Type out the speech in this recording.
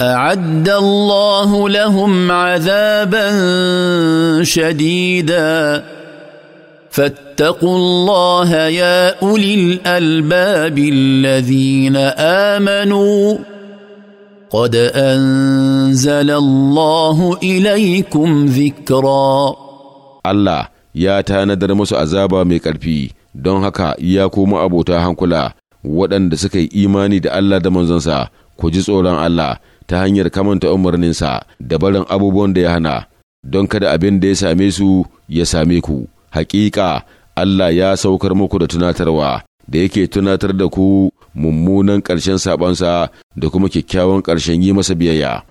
اعد الله لهم عذابا شديدا فاتقوا الله يا اولي الالباب الذين امنوا قد انزل الله اليكم ذكرا الله يا tanadar masu azaba mai ƙarfi don haka ya koma abota hankula waɗanda suka yi imani da Allah da manzonsa ku ji tsoron Allah ta hanyar kamanta umarninsa da barin abubuwan da ya hana don kada abin da ya same su ya same ku hakika Allah ya saukar muku da tunatarwa da yake tunatar da ku mummunan ƙarshen sabonsa da kuma kyakkyawan ƙarshen yi masa biyayya.